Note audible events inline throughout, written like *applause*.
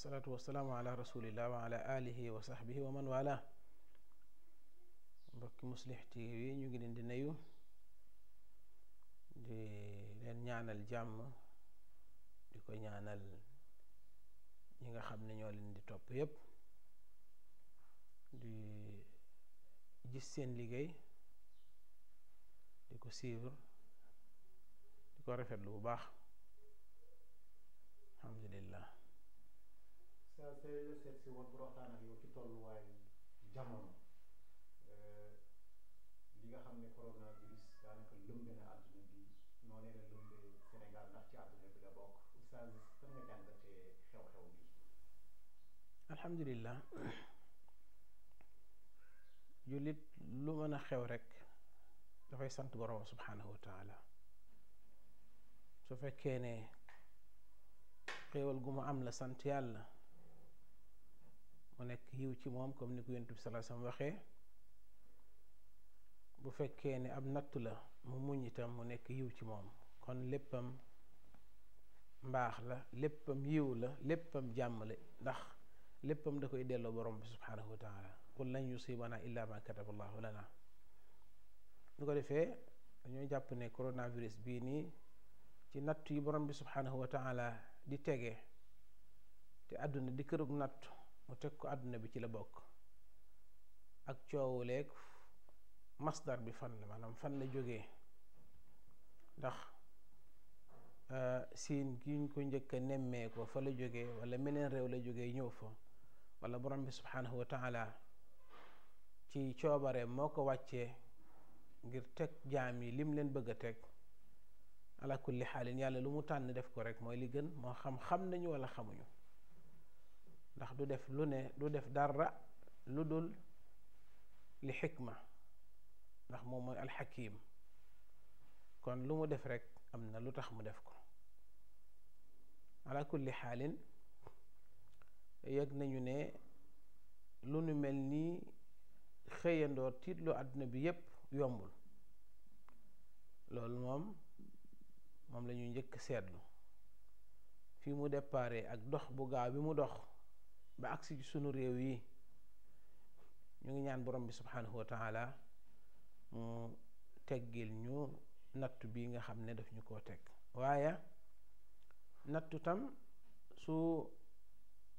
wasalaatu wasalaamu ala rasulillah wa ala alihi wa sahbihi wa man wala mbokki muslix tv yi ñu ngi leen di nuyu di leen ñaanal jàmm di ko ñaanal ñi nga xam ne ñoo leen di topp yépp di gis seen liggéey di ko suivre di ko rafetlu bu baax alhamdulillah saa see la seet yow ci tolluwaay jamono li nga xam ne coronavirus daanaka lëmbe na àdduna bi ci àdduna bi la bokk oustaz fan nga jàngatee xew-xew bi. alhamdulilah *coughs* jullit lu mën a xew rek dafay sant borom subhanahu wa taala su fekkee ne xéewal gu mu am la sant yàlla. mu nekk yiw ci moom comme ni ko yonent bi sallallahu alayhi wasallam waxee bu fekkee ne ab nattu la mu muñ itam mu nekk yiw ci moom kon léppam mbaax la léppam yiw la léppam jàmm la ndax léppam da koy delloo borom bi subhaanahu wa taala qul lan yusibana illa ma kataba allahu lana ñu ko defee dañoo jàpp ne coronavirus bii nii ci natt yi borom bi subhaanahu wa taala di tege te àdduna di kërug natt mu teg ko àdduna bi ci la bokk ak coowuleeg masdar bi fan la maanaam fan la jóge ndax euh, siin gi ñu ko njëkk a nemmee ko fa la jógee wala meneen réew la jóge ñëw fa wala borom bi subhanahu wa ci coobare moo ko wàccee ngir teg jaam yi lim leen bëgg a teg ala kulli xaalin yàlla lu mu tànn def ko rek mooy li gën moo xam xam nañu wala xamuñu ndax du def lu ne du def dara lu dul li xikma ndax moom mooy alxakim kon lu mu def rekk am na lu tax mu def ko ala kulli xaalin yëg nañu ne lu nu mel nii xëyandoor tiitlu àddina bi yépp yombul loolu moom moom lañuy ñuy njëkk seetlu fi mu déparé ak dox bu gaaw bi mu dox ba agsi ci sunu réew yi ñu ngi ñaan borom bi subhanahu wa taala mu teggil ñu nattu bi nga xam ne daf ñu koo teg waaye nattu tam su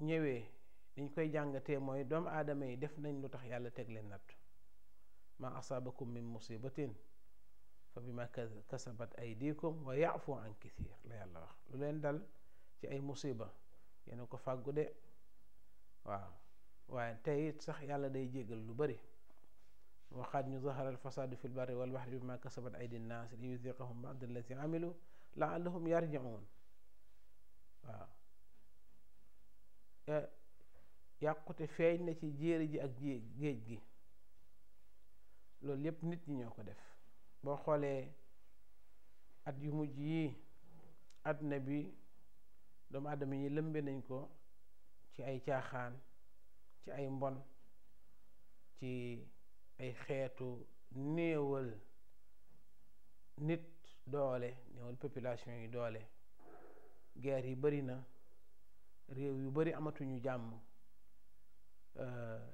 ñëwee dañ koy jàngatee mooy doomu aadama yi def nañ lu tax yàlla teg leen nattu ma asaabakum min musibatin fa bima kasabat aydikum wa yaafu an kasiir la yàlla wax lu leen dal ci ay musiba yéen ko fàggu de waaw waaye tey it sax yàlla day jéggal lu bari waxaat ñu zahara alfasadu fi lbarri walbaxri bima kasabat aydi nnaas li yuziqahum bad allati amilu laallahum yarjiun waaw eh, yàqute feeñ na ci jéere ji ak géej gi loolu yépp nit ñi ñoo ko def boo xoolee at yu mujj yi àdduna bi doomu aadama yi lëmbe nañ ko ci ay caaxaan ci ay mbon ci ay xeetu néewal nit doole néewal population yi doole guerre yi bari na réew yu bari amatuñu jàmm euh,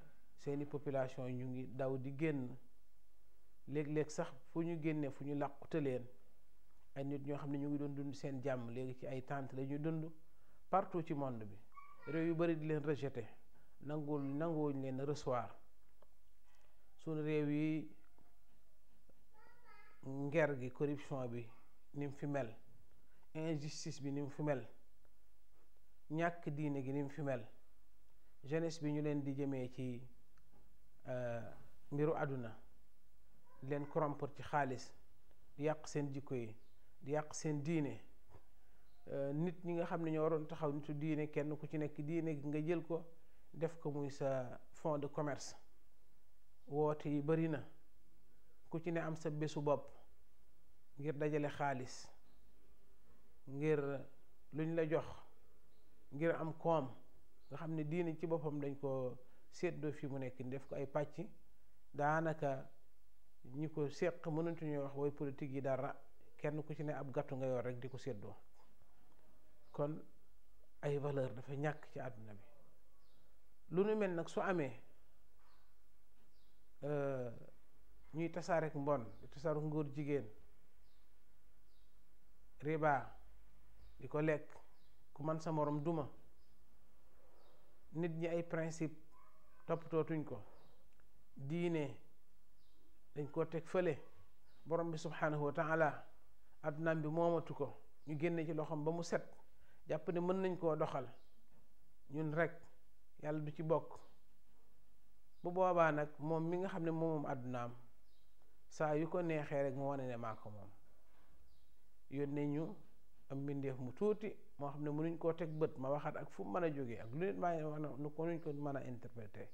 seeni population ñu ngi daw di génn léeg-léeg sax fu ñu génnee fu ñu làqute leen ay nit ñoo xam ne ñu ngi doon dund seen jàmm léegi ci ay tentes la ñuy dund partout ci monde bi réew yu bëri di leen rejeté nangul nanguwuñ leen recevoir suñu réew yi nger gi corruption bi ni fi mel injustice bi ni mu fi mel ñàkk diine gi ni mu fi mel jeunesse bi ñu leen di jëmee ci euh, mbiru àdduna di leen corrompre ci xaalis di yàq seen jikko yi di yàq seen diine Euh, nit ñi nga xam ne ñoo waroon taxaw nitu diine kenn ku ci nekk diine gi nga jël ko def ko muy sa fond de commerce woote yi bari na ku ci ne am sa bésu bopp ngir dajale xaalis ngir luñ la jox ngir am koom nga xam ne diine ci boppam dañ ko seddoo fi mu nekk def ko ay pàcc daanaka ñi ko seq mënatuñoo wax way politique yi dara kenn ku ci ne ab gàttu nga yor rek di ko seddoo kon ay valeur dafa ñàkk ci àdduna bi lu nu mel nag su amee euh, ñuy tasaareek mbon di tasaaru ngóor jigéen riba di ko lekk ku man sa morom duma nit ñi ay principe toppatootuñ ko diine dañ koo teg fële borom bi subhanahu wa taala addunaam bi moomatu ko ñu génne ci loxoom ba mu set jàpp ne mën nañ koo doxal ñun rek yàlla du ci bokk bu boobaa nag moom mi nga xam ne moom àddunaam saa yu ko neexee rek mu wane ne maa ko moom yónnee ñu am mbindeef mu tuuti moo xam ne mënuñ koo teg bët ma waxaat ak fu mën a jógee ak lu nit maa nu ko nuñ ko mën a interpréter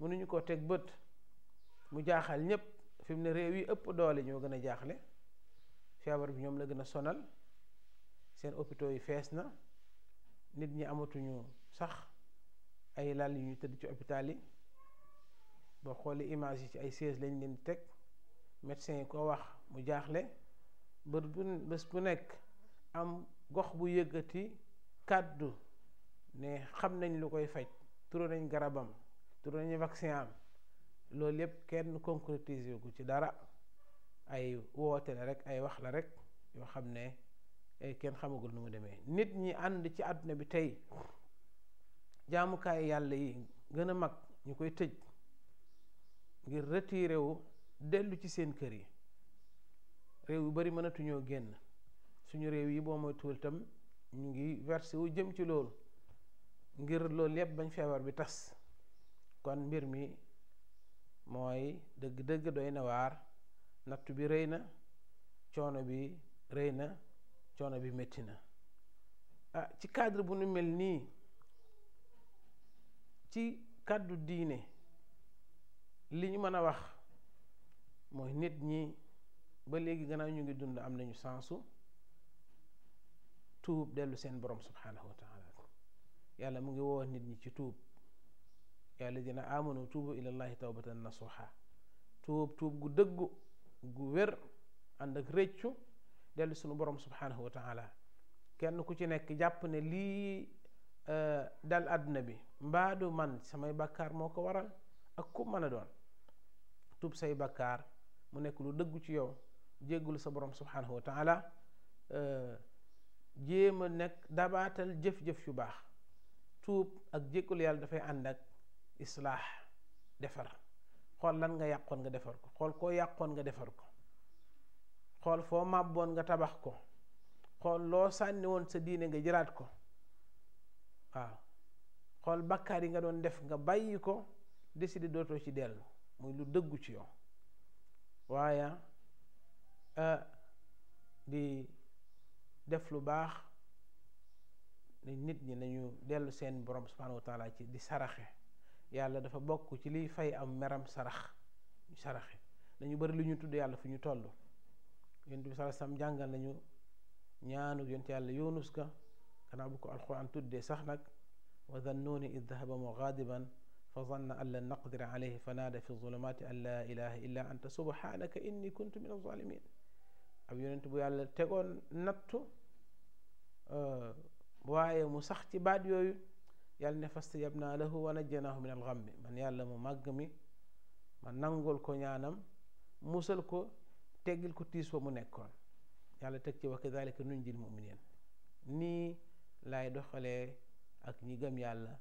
mënuñu koo teg bët mu jaaxal ñépp fi mu ne réew yi ëpp doole ñoo gën a jaaxle feebar bi ñoom la gën a sonal seen hôpitaux yi fees na nit ñi amatuñu sax ay lal yu ñu tëdd ci hôpital yi boo xoolee image yi ci ay sièges lañ leen teg médecin yi ko wax mu jaaxle bët bu bés bu nekk am gox bu yëggati kàddu ne xam nañ lu koy faj turu nañ garabam turu nañ vaccin am loolu yëpp kenn concrétiser gu ci dara ay woote la rek ay wax la rek yoo xam ne Eh, kenn xamagul nu mu demee nit ñi ànd ci àdduna bi tey jaamukaay yàlla yi gën a mag ñu koy tëj ngir retiré wu dellu ci seen kër yi réew yu bari mënatuñoo génn suñu réew yi boo moytuwul tam ñu ngi versé wu jëm ci lool ngir loolu yépp bañ feebar bi tas kon mbir mi mooy dëgg-dëgg doy na waar nattu bi rëy na coono bi rëy na coono bi metti na ah ci cadre bu nu mel nii ci kàddu diine li ñu mën a wax mooy nit ñi ba léegi gannaaw ñu ngi dund am nañu sansu tuub dellu seen borom subhaanahu wa yàlla mu ngi woo nit ñi ci tuub yàlla dina amanu tuubu ilallahi tawbatan nasuha tuub tuub gu dëggu gu wér ànd ak rëccu dellu suñu borom subhanahu wa taala kenn ku ci nekk jàpp ne lii euh, dal àdduna bi mbaadu man samay bàkkaar moo ko waral ak ku mën a doon tub say bàkkaar mu nekk lu dëggu ci yow jéggul sa borom subhanahu wa taala euh, jéem a nekk dabaatal jëf-jëf yu baax tuub ak jéggul yàlla dafay ànd ak islaax defar xool lan nga yàqoon nga defar ko xool koo yàqoon nga defar ko xool foo màbboon nga tabax ko xool loo sànni woon sa diine nga jëraat ko waaw xool bakkaar yi nga doon def nga bàyyi ko di dootoo ci dellu muy lu dëggu ci yow waaye ah, di def lu baax nit ñi nañu dellu seen borom subhaanahu ci di saraxe yàlla dafa bokk ci liy fay am meram sarax saraxe dañu bari lu ñu tudd yàlla fu ñu toll yonent bi sallallahu jàngal nañu ñaanu yonent yàlla yunus ka gannaaw bu ko alquran tuddee sax nag wa dhannuuni id dahaba mughadiban fa zanna an lan naqdira alayhi fa naada fi zulumaati an laa ilaha illa anta subhanaka inni kuntu min alzalimin ab yonent bu yàlla tegoon nattu euh, waaye mu sax ci baat yooyu yàlla ne fastajabnaa lahu wa najjanaahu min alxammi man yàlla mu màgg mi ma nangul ko ñaanam musal ko teggil ko tiis wa mu nekkoon yàlla teg ci wax wa kadalika nunjil muminin nii lay doxalee ak ñi gëm yàlla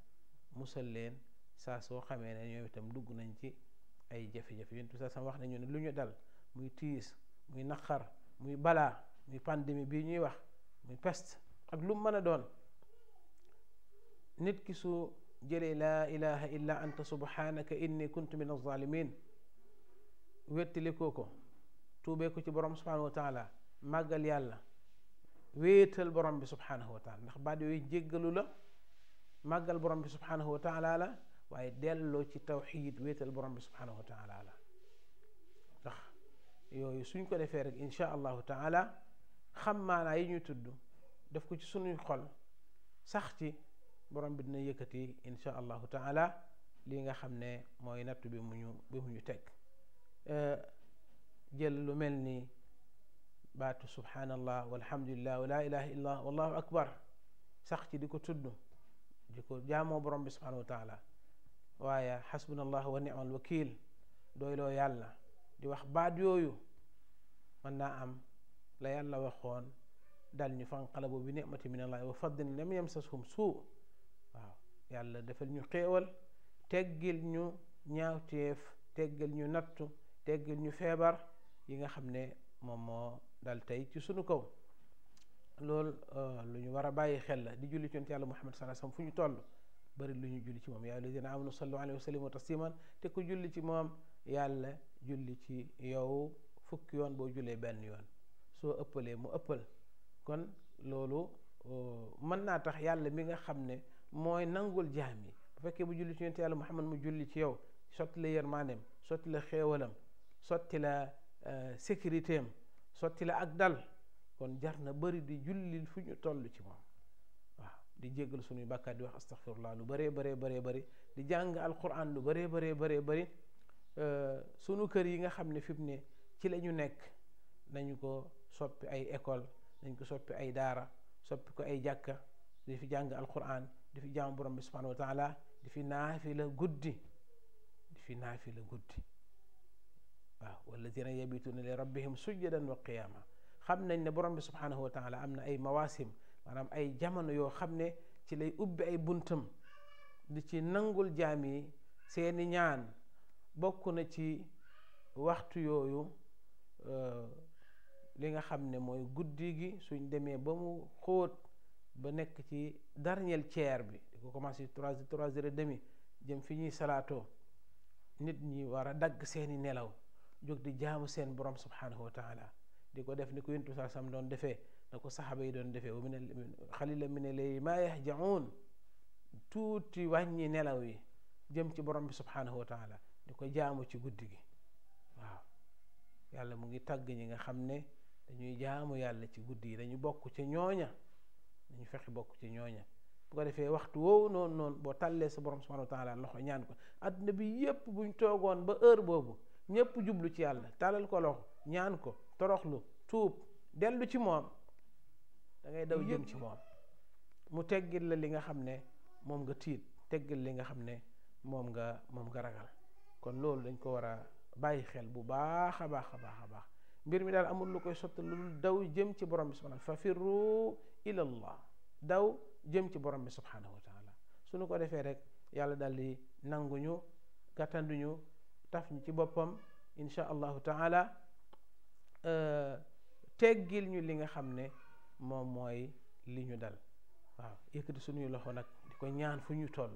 musal leen saa soo xamee ne itam dugg nañ ci ay jafe-jafe yéen tout ça sama wax nañu ne lu ñu dal muy tiis muy naqar muy balaa muy pandémie bi ñuy wax muy pest ak lu mën a doon nit ki su jëlee laa ilaha illa anta subhanaka inni kuntu min az-zalimin wettalikoo ko tuubee ko ci borom subhaanahu wa taala màggal yàlla wéetal borom bi subhaanahu wa ndax baat yooyu jéggalu la màggal borom bi subhaanahu wa taala la waaye delloo ci tawxiid wéetal borom bi subhaanahu wa taala la ndax yooyu suñ ko defee rek insha allahu taala xam maanaa yi ñu tudd def ko ci suñuy xol sax ci borom bi dina yëkkati insha allahu taala lii nga xam ne mooy nattu bi mu bi mu ñu teg jël lu mel ni baatu subhanallah walhamdulillah wa laa akbar sax ci di ko tudd di ko jaamoo borom bi subhanahu wa taala waaye xasbunallah wa ni'mal wakiil doyloo yàlla di wax baat yooyu mën naa am la yàlla waxoon dal ñu fanqalabu bi ni'mati min allahi wa fadlin lam yamsashum suu waaw yàlla defal ñu xéewal teggil ñu ñaawteef teggil ñu nattu teggil ñu feebar yi nga xam ne moom moo dal tey ci suñu kaw loolu euh, lu ñu war a bàyyi xel la di julli ci yonent yàlla Muhammad sallallahu alayhi wasallam fu ñu toll bëri lu ñu julli ci moom yaa alladina amanu sallu alayhi wa sallimu tasliman te ku julli ci moom yàlla julli ci yow fukki yoon boo julee benn yoon soo ëppalee mu ëppal kon loolu euh, mën naa tax yàlla mi nga xam ne mooy nangul jaam yi bu fekkee bu julli ci yonent yàlla Muhammad mu julli ci yow sotti la yërmaaneem sotti la xéewalam sotti la Euh, sécurité am sotti la ak dal kon jar na bëri di jullil fu ñu toll ci moom waaw di jéggal suñuy bàkkaat di wax astaxfirullah lu bëree bëree bëree bëri di jàng alquran lu bëree bëree bëree bëri euh, sunu kër yi nga xam ne fi mu ne ci la ñu nekk nañu ko soppi ay école nañ ko soppi ay daara soppi ko ay jàkka di fi jàng alquran di fi jàng borom bi subhanahu wa di fi naafi la guddi di fi naafi la guddi waaw walladina yabituuna li rabbihim sujjadan wa qiyaama xam nañ ne borom bi subhaanahu wa am na ay mawaasim maanaam ay jamono yoo xam ne ci lay ubbi ay buntam di ci nangul jaam yi seeni ñaan bokk na ci waxtu yooyu euh, li nga xam ne mooy guddi gi suñ demee ba mu xóot ba nekk ci dernier tiers bi di ko commencé trois trois heures et demi jëm fi ñuy salaatoo nit ñi war a dagg seeni nelaw jóg di jaamu seen borom subhanahu wa taala di ko def ni ko yonent bi sam doon defee na ko saxaaba yi doon defee ne wa min xalila min al-layli maa yahjaun tuuti wàññi nelaw yi jëm ci borom bi subhanahu wa taala di ko jaamu ci guddi gi waaw yàlla mu ngi tàgg ñi nga xam ne dañuy jaamu yàlla ci guddi yi dañu bokk ci ñooña dañu fexe bokk ci ñooña bu ko defee waxtu woowu noonu noonu boo tàllee sa borom subhanahu wa loxo ñaan ko àdduna bi yépp buñ toogoon ba heure boobu ñépp jublu ci yàlla talal ko loxo ñaan ko toroxlu tuub dellu ci moom dangay ngay daw jëm ci moom mu teggil la li nga xam ne moom nga tiit teggil li nga xam ne moom nga moom nga ragal kon loolu dañ ko war a bàyyi xel bu baax a baax a baax a baax mbir mi daal amul lu koy sotti lu daw jëm ci borom bi subhanahu fa firru ilallah daw jëm ci borom bi subhanahu wa taala su ñu ko defee rek yàlla dal di nanguñu gàttanduñu taf ñu ci boppam incha allahu ta'ala euh, teggil ñu li nga xam ne moom mooy li ñu dal waaw yëkkati suñuy loxo nag di ko ñaan fu ñu toll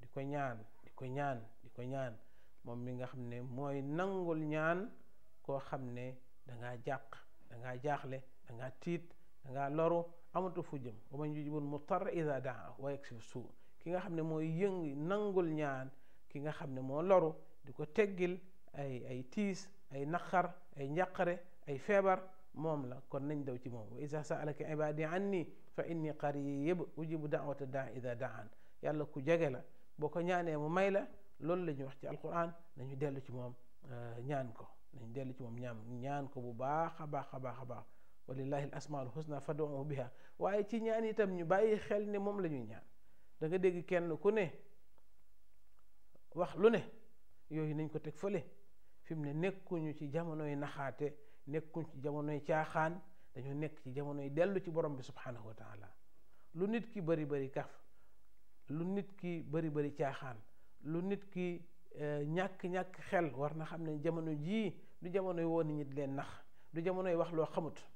di ko ñaan di ko ñaan di ko ñaan moom mi nga xam ne mooy nangul ñaan koo xam ne dangaa jàq dangaa jaaxle dangaa tiit dangaa loru amatu fu jëm wa man yujibul mutarra ida daa wa yaksifu suu ki nga xam ne mooy yëngi nangul ñaan ki nga xam ne moo loru di ko teggil ay ay tiis ay naqar ay njàqare ay feebar moom la kon nañ daw ci moom wa isa saalaka ibadi anni fa inni qarib ujibu daawata daa ida daan yàlla ku jege la boo ko ñaanee mu may la loolu la ñuy wax ci alquran nañu dellu ci moom euh, ñaan ko nañ dellu ci moom ñaam ñaan ko bu baax a baax a baax a baax walillahi al asmaul husna fad'uhu biha waaye ci ñaan itam ñu bàyyi xel ne moom lañuy ñuy ñaan da dégg kenn ku ne wax lu ne yooyu nañ ko teg fële fi mu ne nekkuñu ci jamonoy naxaate nekkuñ ci jamonoy caaxaan dañoo nekk ci jamonoy dellu ci borom bi subhanahu wa taala lu nit ki bari bari kaf lu nit ki bari bari caaxaan lu nit ki ñàkk-ñàkk e, xel war na xam ne jamono jii du jamonoy woo nit ñi leen nax du jamonoy wax loo xamut